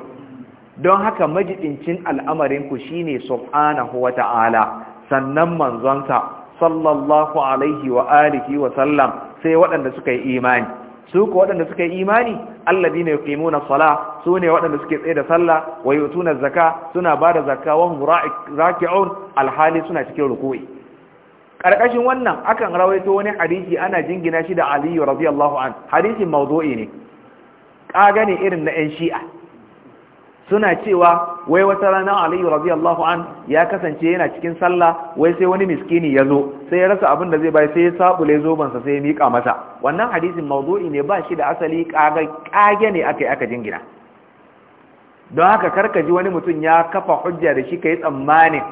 don haka majidincin al'amarin ku shine subhanahu wa ta'ala sannan manzonsa sallallahu alaihi wa alihi wa sallam sai waɗanda suka yi imani su waɗanda suka yi imani allazi ne yuqimuna sala su ne waɗanda suke tsaye da sallah wa yutuna zaka, suna ba da zakka wa raki'un alhali suna cikin ruku'i Ƙarƙashin wannan akan rawaito wani hadisi ana jingina shi da aliyu radiyallahu an hadisin mawdu'i ne Ka ne irin na 'yan shi'a suna cewa wai wata rana aliyu radiyallahu an ya kasance yana cikin sallah wai sai wani miskini ya zo sai ya rasa abin da zai bai sai ya sabule zobansa sai ya miƙa masa wannan hadisin mawdu'i ne ba shi da asali kage ne aka yi aka jingina don haka karka ji wani mutum ya kafa hujja da shi ka yi tsammanin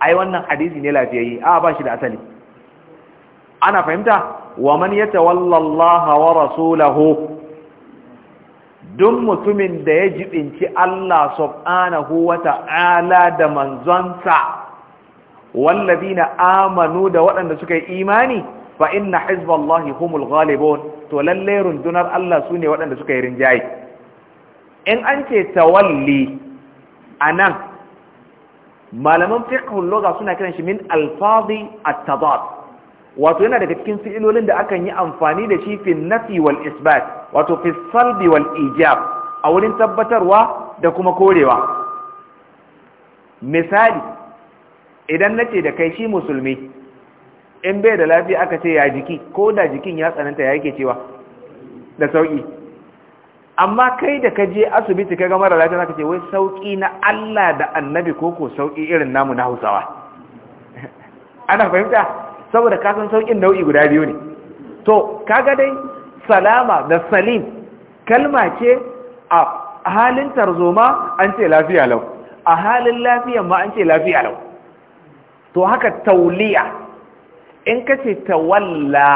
ai wannan hadisi ne lafiyayi, a ba shi da asali ana fahimta wa man yatawalla Allah wa rasulahu duk mutumin da ya jibinci Allah subhanahu wa ta'ala da manzonsa wallazina amanu da waɗanda suka yi imani fa inna hizballahi humul ghalibun to lalle rundunar Allah sune waɗanda suka yi rinjaye in an ce tawalli anan malaman fiqhul lugha suna kiran shi min alfazi at-tadad wato yana daga cikin fi'ilolin da akan yi amfani da shi fi nafi wal isbat wato fi salbi wal ijab a wurin tabbatarwa da kuma korewa misali idan nace da kai shi musulmi in bai da lafiya aka ce ya jiki ko da jikin ya tsananta ya yake cewa da sauki amma kai da ka je asibiti ka ga mara lafiya zaka ce wai sauki na Allah da Annabi koko sauki irin namu na Hausawa ana fahimta saboda kasan sauƙin nau'i guda biyu ne to kaga dai salama da salim kalma ce a halin tarzoma an ce lafiya lau a halin lafiyan ma an ce lafiya lau to haka tauliya in ka ce tawalla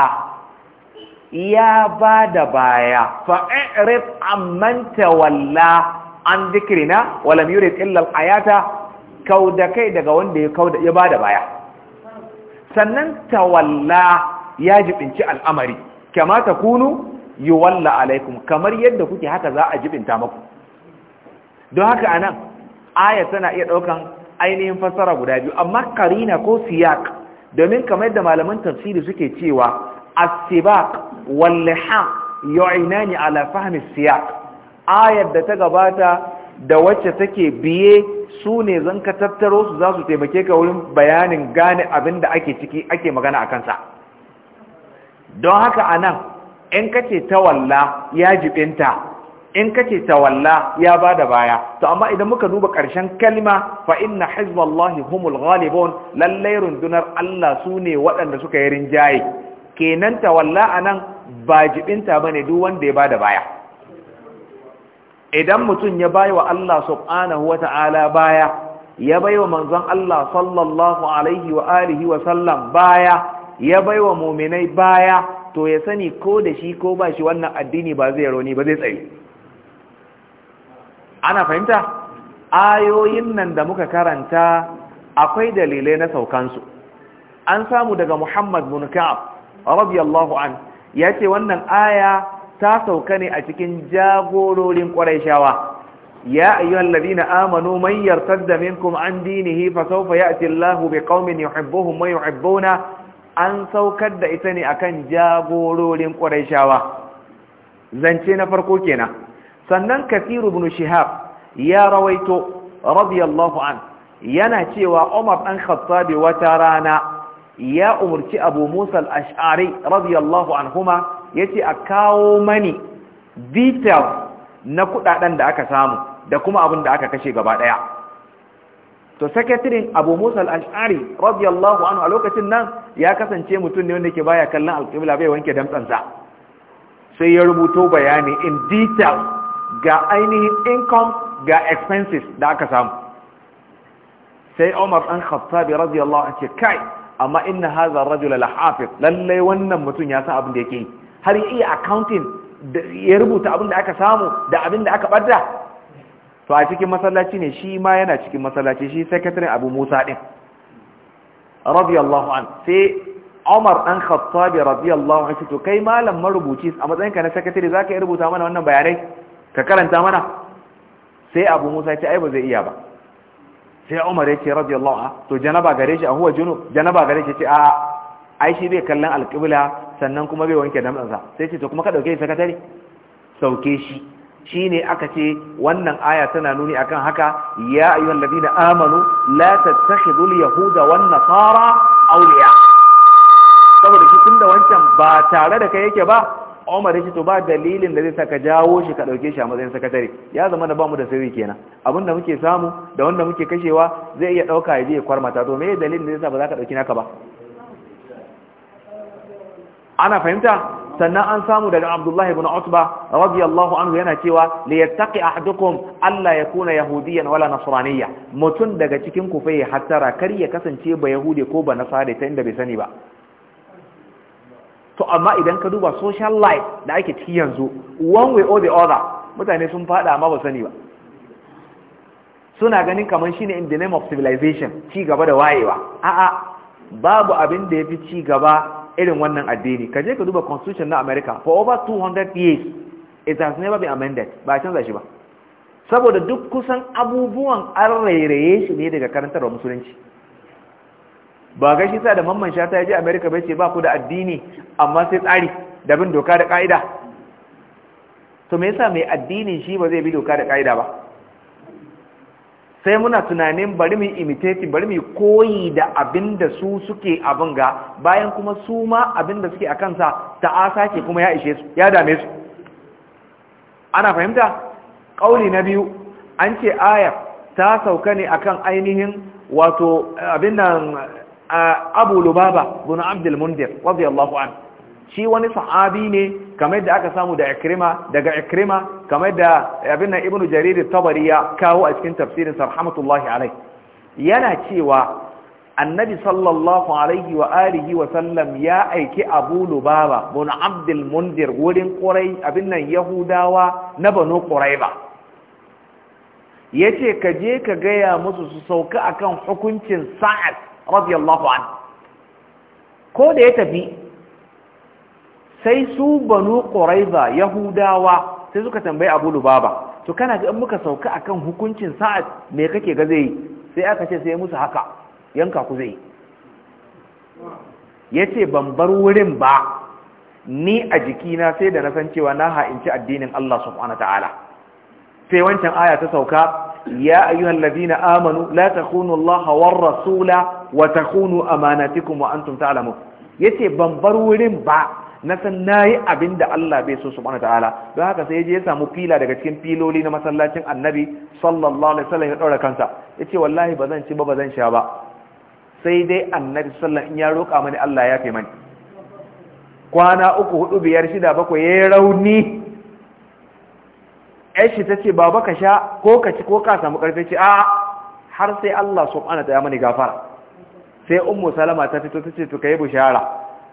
ya ba da baya fa'irif amman tawalla an zikirina walam yurid illa al'ayata kau da kai daga wanda ya ba da baya sannan tawalla ya jibinci al'amari kamata ta yuwalla alaikum kamar yadda kuke haka za a jibinta maku don haka anan aya tana iya ɗaukan ainihin fassara guda biyu amma karina ko siyak domin kamar yadda malaman tafsiri suke cewa Asibak, sibaq wal lihaq yu'inani ala siyak ayar da ta gabata da wacce take biye su ne zan ka tattaro su za su taimake ka wurin bayanin gane abin da ake ciki ake magana a kansa don haka a nan in ce tawalla ya jibinta in ka ce tawalla ya ba da baya to amma idan muka duba ƙarshen kalma fa inna hizballahi humul ghalibun lallai rundunar Allah su ne waɗanda suka yi rinjaye kenan tawalla nan ba jibinta ba ne duk wanda ya ba da baya idan mutum ya bayi wa Allah subhanahu wa ta'ala baya ya bai wa manzon Allah sallallahu alaihi wa alihi wa sallam baya ya bai wa muminai baya to ya sani ko da shi ko ba shi wannan addini ba zai rauni ba zai tsaye ana fahimta ayoyin nan da muka karanta akwai dalilai na saukansu an samu daga Muhammad bin Ka'ab radiyallahu an ce wannan aya ta sauka ne a cikin jagororin ƙwarai ya ayyuhal ladina amanu Mayyar yartadda minkum an dinihi fa sawfa ya'ti Allahu ya yuhibbuhum wa yuhibbuna an saukar da ita ne akan jagororin ƙwarai zance na farko kenan sannan kafiru ibn shihab ya rawaito radiyallahu an yana cewa Umar ɗan Khattabi wata rana ya umurci Abu Musa al-Ash'ari radiyallahu anhuma ya ce a kawo mani details na kudaden da aka samu da kuma abin da aka kashe gaba daya to sakatirin abu musa al'ashari radiyallahu anu a lokacin nan ya kasance mutum ne wanda ke baya kallon alƙibla bai wanke damtsansa sai ya rubuto bayani in detail ga ainihin income ga expenses da aka samu sai omar an khattabi radiyallahu an ce kai amma inna haza rajula la hafiz lallai wannan mutum ya san abin da yake yi har ya iya accounting ya rubuta abin da aka samu da abin da aka ɓadda to a cikin masallaci ne shi ma yana cikin masallaci shi sakataren abu musa ɗin radiyallahu an sai umar ɗan khattabi radiyallahu an to kai malam marubuci a matsayinka na sakatare za ka yi rubuta mana wannan bayanai ka karanta mana sai abu musa ce ai ba zai iya ba sai umar ya ce radiyallahu an to janaba gare shi a huwa junub janaba gare shi ce a ai shi bai kallon alƙibla sannan kuma bai wanke damtsansa sai ce to kuma ka dauke shi sakatare sauke shi ne aka ce wannan aya tana nuni akan haka ya ayyuhal ladina amanu la tattakhidul yahuda wan nasara awliya saboda shi tunda wancan ba tare da kai yake ba Umar yace to ba dalilin da zai saka jawo shi ka ɗauke shi a matsayin sakatare ya zama da bamu da sirri kenan da muke samu da wanda muke kashewa zai iya dauka ya je ya kwarmata to me dalilin da zai sa ba za ka dauki naka ba ana fahimta sannan an samu daga abdullahi ibn Utba radiyallahu anhu yana cewa li yattaqi ahadukum alla yakuna yahudiyan wala nasraniyya mutun daga cikin ku fa hattara kar ya kasance ba yahudi ko ba nasara ta inda bai sani ba to amma idan ka duba social life da ake ciki yanzu one way or the other mutane sun fada amma ba sani ba suna ganin kamar shine in the name of civilization ci gaba da wayewa a'a babu abin da yafi ci gaba irin wannan addini ka je ka duba constitution na america for over 200 years it has never been amended ba a canza shi ba saboda duk kusan abubuwan an rairaye shi ne daga karantarwa musulunci ba ga shi sa da mamman shata ya je america bai ce ba ku da addini amma sai tsari da bin doka da ka'ida to me yasa mai addinin shi ba zai bi doka da ka'ida ba sai muna tunanin bari mu imitate, bari mu koyi da abin da su suke abin ga bayan kuma su ma abin da suke a kansa ta asake kuma ya ishe su ya dame su ana fahimta ƙauli na biyu an ce aya ta sauka ne akan ainihin wato abin nan abu lubaba bin abdul mundir radiyallahu an shi wani sahabi ne kamar yadda aka samu da ikrima daga ikrima kamar da abin nan ibnu jarir tabari ya kawo a cikin tafsirin sarhamatullahi alai yana cewa annabi sallallahu alaihi wa alihi wa sallam ya aiki abu lubaba bin abdul mundir wurin qurai abin nan yahudawa na banu ba. yace ka je ka gaya musu su sauka akan hukuncin sa'ad radiyallahu anhu ko da ya tafi sai su banu quraiza yahudawa sai suka tambayi abu lubaba to kana ga in muka sauka akan hukuncin sa'ad me kake ga zai sai aka ce sai musu haka yanka ku zai yace ban bar wurin ba ni a jikina sai da na san cewa na ha'inci addinin Allah subhanahu ta'ala sai wancan aya ta sauka ya ayyuhal ladina amanu la takhunu Allah war rasula wa takhunu amanatikum wa antum ta'lamun yace ban bar wurin ba na san nayi abin da Allah bai so subhanahu ta'ala don haka sai je ya samu fila daga cikin filoli na masallacin annabi sallallahu alaihi wasallam ya daura kansa yace wallahi bazan ci ba bazan sha ba sai dai annabi sallallahu in ya roƙa mani Allah ya fi mani kwana uku hudu biyar shida bakwai yi rauni ai shi tace baba ka sha ko ka ci ko ka samu karfi ce a har sai Allah subhanahu ta'ala mani gafara sai ummu salama ta fito tace to kai bushara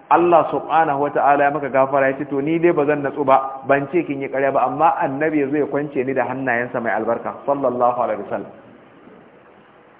Allah subhanahu wata'ala ya maka gafara ya ce to ni dai bazan natsu ba ban ce kin yi ƙarya ba amma annabi zai kwance ni da hannayensa mai albarka sallallahu alaihi wasallam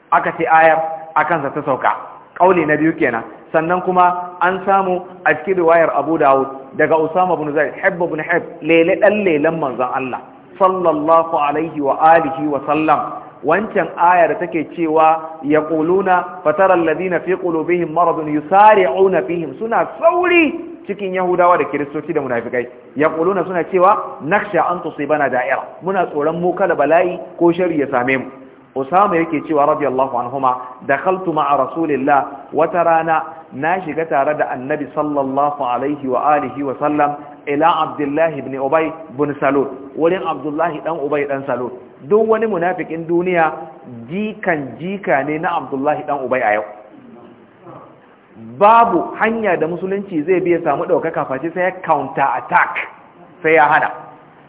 aka ce ayar akan sa ta sauka kauli na biyu kenan sannan kuma an samu a cikin riwayar Abu Dawud daga Usama ibn Zaid Hibb ibn Hibb lele dan lelan manzon Allah sallallahu alaihi wa alihi wa sallam wancan aya da take cewa yaƙuluna ƙuluna fatarar ladina fi ƙulubihim maradun auna fihim suna sauri cikin yahudawa da kiristoci da munafikai ya suna cewa naksha an tusai bana da'ira muna tsoron mu kada bala'i ko shari ya same mu usama yake cewa radiyallahu anhuma dakhaltu ma'a rasulillah wata rana na shiga tare da annabi sallallahu alaihi wa alihi wa sallam ila abdullahi ibn ubay ibn salul wurin abdullahi dan ubay dan salul duk wani munafikin duniya jikan jika ne na abdullahi ɗan ubai a yau babu hanya da musulunci zai biya samu ɗaukaka face sai ya counter attack sai ya hana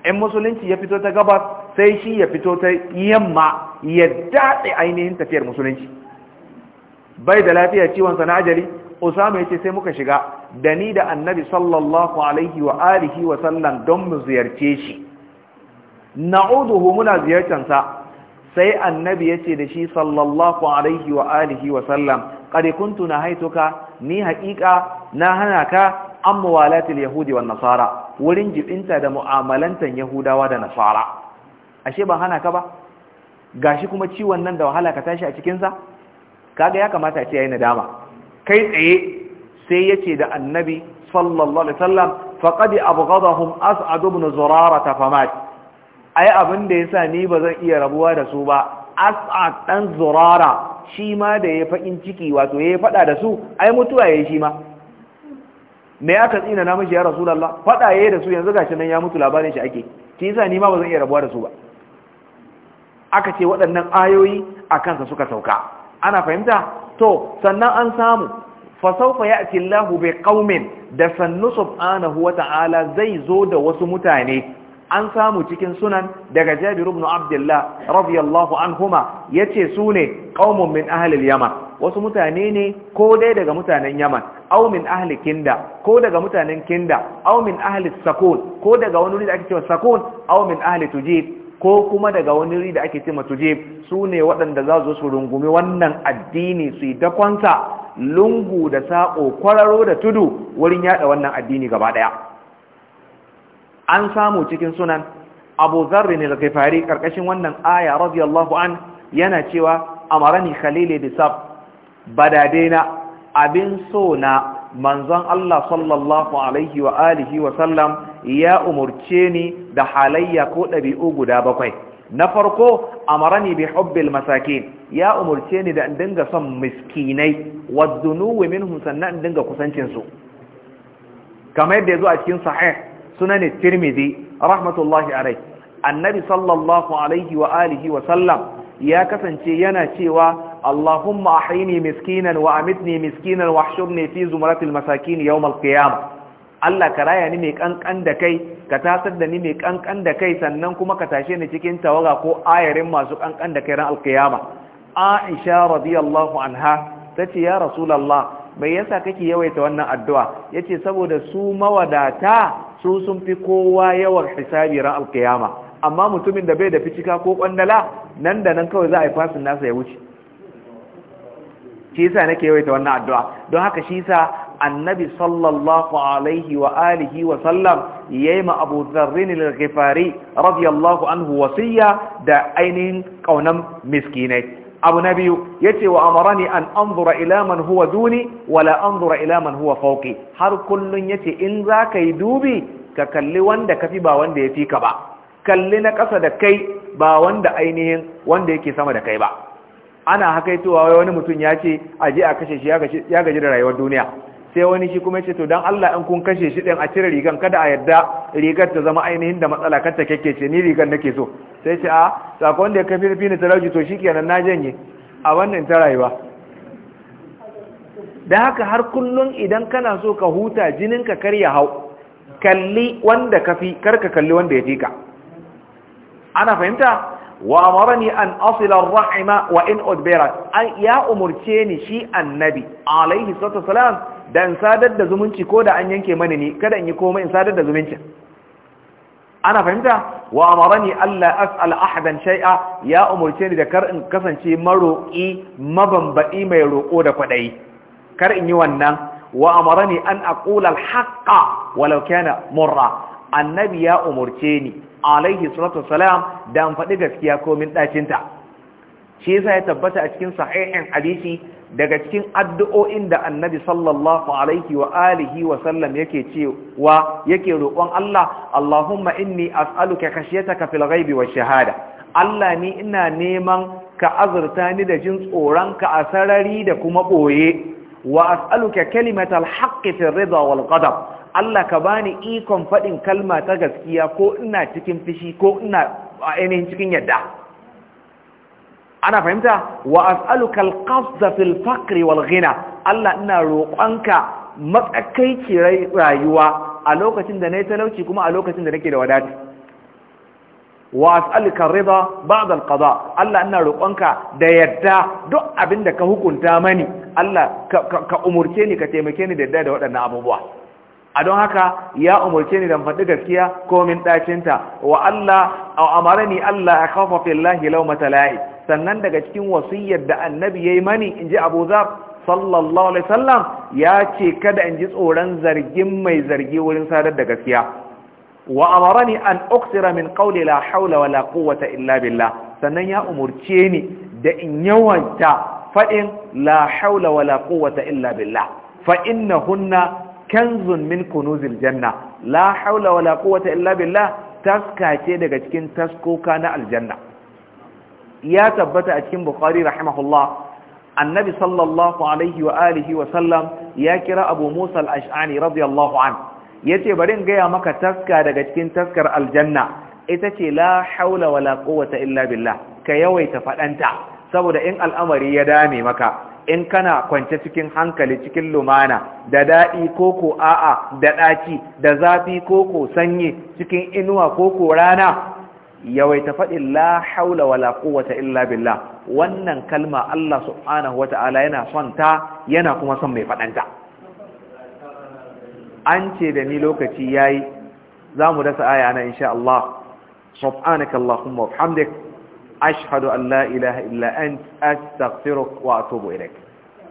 in musulunci ya fito ta gabas sai shi ya fito ta yamma ya daɗe ainihin tafiyar musulunci bai da lafiya ciwon sana ajali usama ya ce sai muka shiga da ni da annabi sallallahu alaihi wa alihi wa sallam don mu ziyarce shi na'uduhu muna ziyartansa sai annabi ya ce da shi sallallahu alaihi wa alihi wa sallam ƙari kuntu na haituka ni haƙiƙa na hana ka an muwalatul yahudi wa nasara wurin jibinta da mu'amalantan yahudawa da nasara ashe ban hana ka ba gashi kuma ciwon nan da wahala ka tashi a cikinsa kaga ya kamata a ce yi nadama kai tsaye sai ya ce da annabi sallallahu alaihi wa sallam faqad abghadahum as'ad ibn zurara famat ai abin da sa ni ba zan iya rabuwa da su ba asa dan zurara shi ma da ya fakin ciki wato ya fada da su ai mutuwa yayi shi ma me aka tsina na mishi ya rasulullah fada yayi da su yanzu gashi nan ya mutu labarin shi ake shi yasa ni ma ba zan iya rabuwa da su ba aka ce waɗannan ayoyi a kansa suka sauka ana fahimta to sannan an samu fasaufa ya ake Allah bai kaumin da sannu subhanahu wa ta'ala zai zo da wasu mutane an samu cikin sunan daga Jabir ibn Abdullah radiyallahu anhuma yace su ne qaumun min ahli al-Yaman wasu mutane ne ko dai daga mutanen Yaman aw min ahli Kinda ko daga mutanen Kinda aw min ahli Sakun ko daga wani wuri da ake cewa Sakun aw min ahli Tujib ko kuma daga wani wuri da ake cewa tujib su ne waɗanda za su rungumi wannan addini su yi dakonsa lungu da saƙo kwararo da tudu wurin yada wannan addini gaba ɗaya an samu cikin sunan abu zarrin al-ghifari karkashin wannan aya radiyallahu an yana cewa amarani khalili bisab badadena abin so na manzon Allah sallallahu alaihi wa alihi wa sallam ya umurce ni da halayya ko ɗabi'u guda bakwai na farko amarani bi hubbil masakin ya umurce ni da dinga son miskinai wa dhunuwi minhum sannan dinga kusancin su kamar yadda yazo a cikin sahih sunan tirmidhi rahmatullahi alai annabi sallallahu alaihi wa alihi wa sallam ya kasance yana cewa allahumma ahini miskinan wa amitni miskinan wa ahshurni fi zumratil masakin yawm al Allah ka raya ni mai kankan da kai ka tasar da ni mai kankan da kai sannan kuma ka tashe ni cikin tawaga ko ayarin masu kankan da kai ran alkiyama Aisha radiyallahu anha tace ya Rasulullah me yasa kake yawaita wannan addu'a yace saboda su mawadata su sun fi kowa yawan hisabi ran alkiyama amma mutumin da bai da fitika ko kwandala nan da nan kawai za a yi fasin nasa ya wuce shi yasa nake yawaita wannan addu'a don haka shi yasa annabi sallallahu alaihi wa alihi wa sallam yayi ma Abu Dharrin al-Ghifari radiyallahu anhu wasiya da ainihin kaunan miskinai abu na biyu Ya ce wa amarani an an ila man huwa duni wala anzura ila man huwa fauki. har kullun ce in za ka yi dubi ka kalli wanda ka fi ba wanda ya fi ka ba kalli na ƙasa da kai ba wanda ainihin wanda yake sama da kai ba ana hakaitowa wai wani mutum ya ce a je a kashe shi ya gaji da rayuwar duniya sai wani shi kuma ce to dan Allah in kun kashe shi din a cire rigan kada a yadda rigar ta zama ainihin da matsala kar ta ce ni rigar nake so sai ce a ah, sakon da ya kafi ne talauci to shikenan na janye a wannan ta rayuwa da haka har kullun idan kana so ka huta jinin ka karya hau kalli wanda kafi kar ka kalli wanda ya fika ana fahimta wa amarani an asila arrahima wa in udbirat ya umurce ni shi annabi alaihi salatu wasalam da in sadar da zumunci ko da an yanke mani ne kada in yi komai in sadar da zumunci ana fahimta wa amarani Allah as'al ahadan shay'a ya umurce ni da kar in kasance maroki mabambaɗi mai roƙo da kwaɗayi kar in yi wannan wa amarani an aqula al-haqqa walau kana murra annabi ya umurce ni alaihi salatu wassalam da in faɗi gaskiya min ɗacinta shi yasa ya tabbata a cikin sahihin hadisi daga cikin addu'o'in da annabi sallallahu alaihi wa alihi wa sallam yake cewa yake roƙon Allah Allahumma inni as'aluka khashyataka fil ghaibi wash shahada Allah ni ina neman ka azurta ni da jin tsoronka ka a sarari da kuma ɓoye. wa as'aluka kalimatal haqqi fil wal qadab Allah ka bani ikon faɗin kalma ta gaskiya ko ina cikin fishi ko ina ainihin cikin yadda ana fahimta wa as'aluka al fil faqri wal ghina Allah ina roƙonka matsakaici rayuwa a lokacin da nayi talauci kuma a lokacin da nake da wadati wa as'aluka ridha ba'da al Allah ina roƙonka da yadda duk abinda ka hukunta mani Allah ka umurce ni ka taimake ni da yadda da waɗannan abubuwa a don haka ya umarce ni dan faɗi gaskiya komin ɗacinta wa Allah a amara ni Allah a kafa fillahi lau matala'i sannan daga cikin wasiyyar da annabi yayi mani inji Abu Zar sallallahu alaihi sallam ya ce kada in ji tsoron zargin mai zargi wurin sadar da gaskiya wa amarani an uksira min qawli la hawla wala quwwata illa billah sannan ya umurce ni da in yawanta fadin la hawla wala quwwata illa billah fa innahunna kanzun min kunuzil janna la hawla wala quwwata illa billah taska daga cikin taskoka na aljanna ya tabbata a cikin bukhari rahimahullah annabi sallallahu alaihi wa alihi wa sallam ya kira abu musa al-ash'ani radiyallahu an yace bari in gaya maka taska daga cikin taskar aljanna ita ce la haula wala quwwata illa billah ka yawaita fadanta saboda in al'amari ya dame maka in kana kwance cikin hankali cikin lumana da daɗi koko a'a da ɗaci da zafi koko sanyi cikin inuwa koko rana yawaita faɗin la haula wala quwwata illa billah wannan kalma Allah subhanahu yana son ta yana kuma son mai faɗanta an ce da ni lokaci yayi zamu dasa aya na insha Allah subhanaka allahumma wa bihamdik ashhadu an la ilaha illa ant wa atubu ilaik